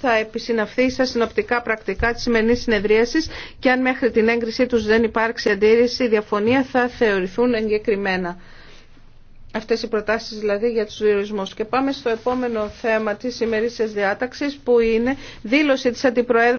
θα επισυναυθεί στα συνοπτικά πρακτικά της σημερινής συνεδρίασης και αν μέχρι την έγκρισή τους δεν υπάρξει αντίρρηση, η διαφωνία θα θεωρηθούν εγκεκριμένα. Αυτές οι προτάσεις δηλαδή για τους διορισμούς. Και πάμε στο επόμενο θέμα της σημερινής διάταξης που είναι δήλωση της Αντιπροέδρου